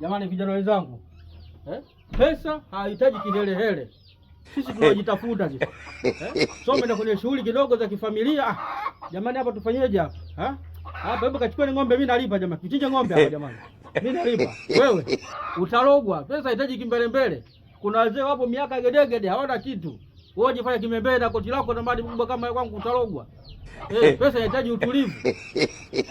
Jamani vijana wenzangu eh? Pesa hahitaji kihelehele, sisi tunajitafuta sisi eh? So menda kwenye shughuli kidogo za kifamilia. Ah, jamani hapa tufanyeje hapa eh? Hapa hebu kachukua ng'ombe, mimi nalipa jamani, kichinje ng'ombe hapa jamani, mimi nalipa. Wewe utarogwa, pesa kimbele mbele. Kuna wazee wapo miaka gedegede hawana kitu, wewe jifanye kimembele na koti lako na mali kubwa kama kwangu, utarogwa. Eh, pesa inahitaji utulivu,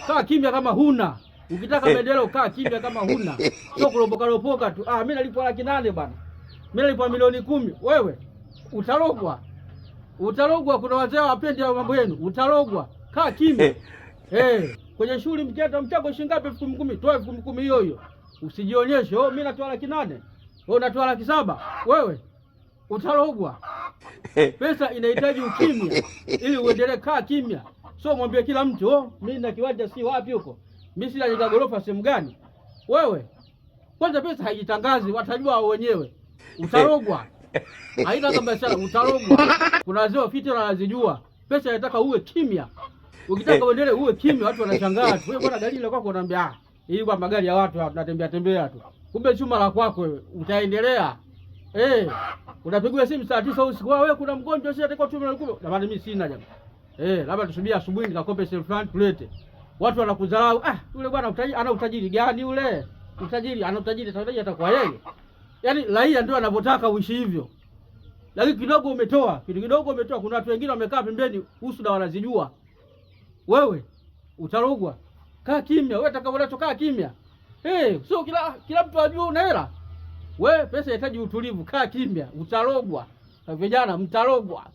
kaa kimya kama huna Ukitaka medela eh. ukaa kimya kama huna. Sio kuropoka ropoka tu. Ah, mimi nalipwa laki nane bwana. Mimi nalipwa milioni kumi. Wewe utarogwa. Utarogwa, kuna wazee wapendi hao mambo yenu. Utarogwa. Kaa kimya. Eh, hey, eh, kwenye shughuli mketa mchako shilingi ngapi? elfu kumi. Toa elfu kumi hiyo hiyo. Usijionyeshe. Oh, mimi natoa laki nane. Wewe oh, unatoa laki saba. Wewe utarogwa. Eh. Pesa inahitaji ukimya ili uendelee. Kaa kimya. Sio mwambie kila mtu, oh, mimi na kiwanja si wapi huko mimi sina gorofa sehemu gani? Wewe kwanza pesa haijitangazi, watajua wao wenyewe. Utarogwa, haina kama sana, utarogwa. Kuna wazee wafite wanazijua pesa, inataka uwe kimya. Ukitaka uendelee uwe kimya, watu wanashangaa tu. Wewe bwana, gari la kwako unaambia ah, hii kwa magari ya watu tunatembea tembea tu, kumbe chuma la kwako utaendelea. Eh, unapigwa simu saa 9 usiku, wewe kuna mgonjwa sio atakuwa chuma la kwako. Jamani, mimi sina jamani. Eh, labda tusubiri asubuhi nikakope self fulani tulete watu wanakudharau. Ah, yule bwana ana utajiri gani? Yule utajiri ana utajiri sasa hata atakuwa yeye, yaani raia ndio anavyotaka uishi hivyo, lakini kidogo umetoa kitu kidogo umetoa. Kuna watu wengine wamekaa pembeni, husu na wanazijua, wewe utarogwa. Kaa kimya wewe, utakavyonacho kaa kimya. Eh, Hey, sio kila kila mtu ajue una hela wewe. Pesa inahitaji utulivu, kaa kimya, utarogwa. Vijana mtarogwa,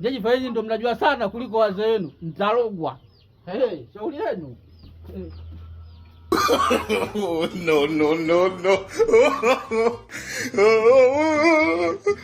jeji faizi ndio mnajua sana kuliko wazee wenu, mtarogwa. Ei, so then. oh, no, no, no, no.